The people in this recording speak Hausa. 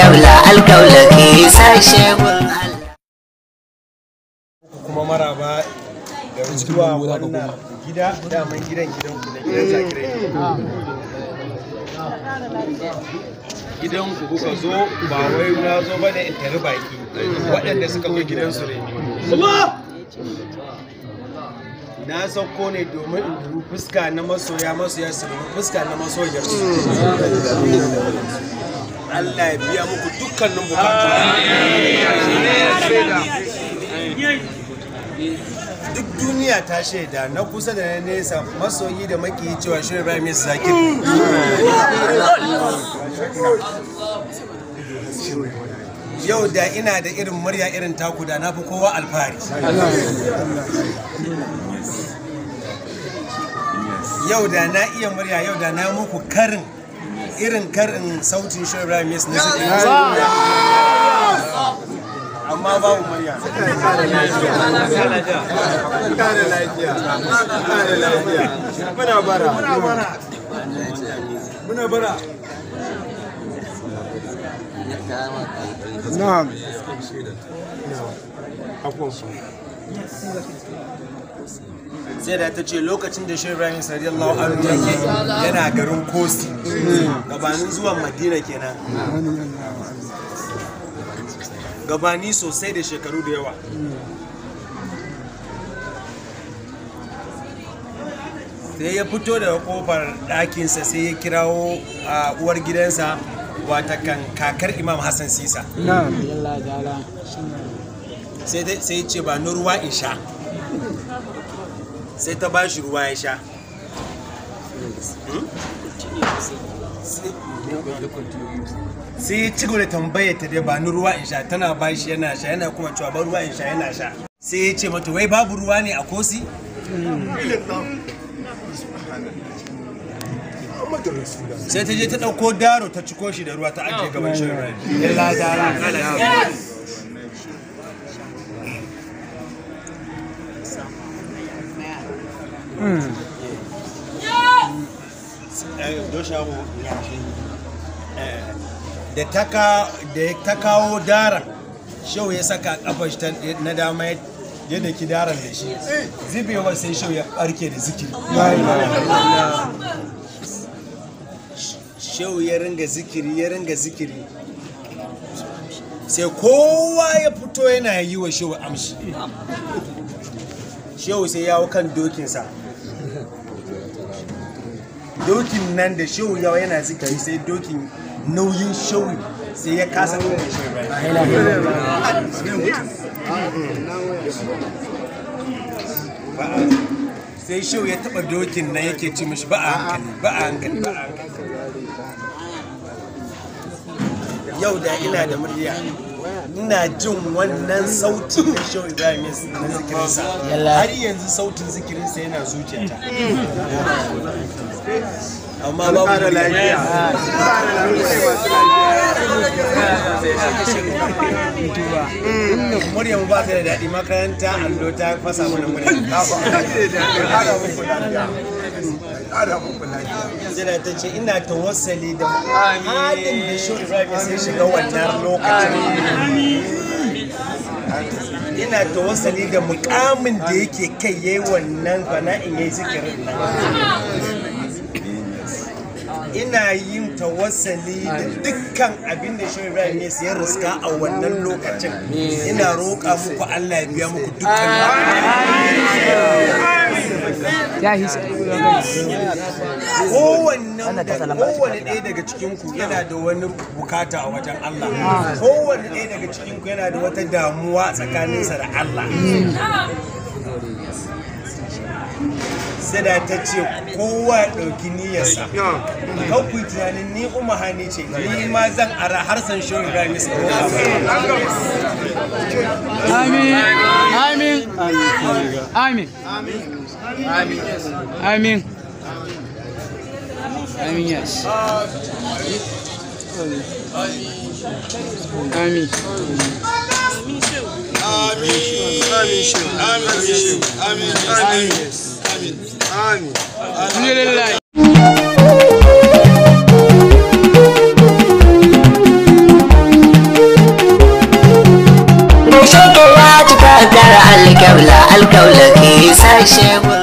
alkaula alkaula ke sashe kuma maraba da zuwa wannan gida daman gidan gidan ku na gidan zakirai gidan ku kuka zo ba wai na zo ba da intari baki waɗanda suka zo gidan su ne na sauko ne domin in duru fuska na masoya masoya su fuska na masoyar su Allah ya biya muku dukkanin bukatu duk duniya ta shaida na kusa da na nesa masoyi da maki cewa shirin ibrahim ya zaki yau da ina da irin murya irin taku da na fi kowa alfahari yau da na iya murya yau da na muku karin irin karin sautin shi Ibrahim Yes na su amma muna bara muna bara sai da ta ce lokacin da shi rami radiyallahu anhu yake yana garin kosi gabanin zuwan madina kenan gabani sosai da shekaru da yawa sai ya fito daga kofar ɗakinsa sai ya kirawo a uwar gidansa kan kakar imam hassan sisa sai ce ba ruwa in sha sai ta ba shi ruwa ya sha sai ci gaba da tambayar ta dai ba ni ruwa in sha tana ba shi yana sha yana kuma cewa ba ruwa in sha yana sha sai ya ce mata wai babu ruwa ne a kosi sai ta je ta ɗauko daro ta ciko shi da ruwa ta ake gaban shirin rai da ta kawo daren shau ya saka kafar na dama ya daki daren da shi zubewar sai shau ya barke da zikiri shau ya ringa zikiri ya ringa zikiri sai kowa ya fito yana yi wa shau amshi shau sai ya kan dokinsa dokin nan da shehu yawa yana zikari sai dokin nauyin shehu sai ya kasa kuma sai shehu ya taba dokin nan yake ci mishi ba a hankali ba a hankali ba a hankali yau da ina da murya ina jin wannan sauti da shehu ibrahim na zikirinsa har yanzu sautin zikirinsa yana zuciyata amma babu da lafiya ah. ba ta da daɗi makaranta allo ta fasa mana ƙara muku lafiya zira ta ce ina tawassali da halin da shi Ibrahim sai shiga wannan lokacin ina ta wasali da mukamin da yake kai yayi wannan bana'in yayi zikirin ina yin tawassali da dukkan abin da shi Ibrahim ne sai riska a wannan lokacin ina roƙa muku Allah ya biya muku dukkan ya his kowanne ɗaya daga cikin ku yana da wani bukata a wajen Allah ah. kowanne ɗaya daga cikin ku yana da wata damuwa tsakaninsa da Allah sada ta ce kowa ya ɗauki niyyarsa kan ku tunanin ni umma hani ce ni ma zan ara harsan shirin rami su amin amin amin amin Amin. Amin. Amin yes. Amin. Amin. Amin. Amin. Amin. Amin. Alhamdulillah. ya cika gara alkaula alkaula ke sashe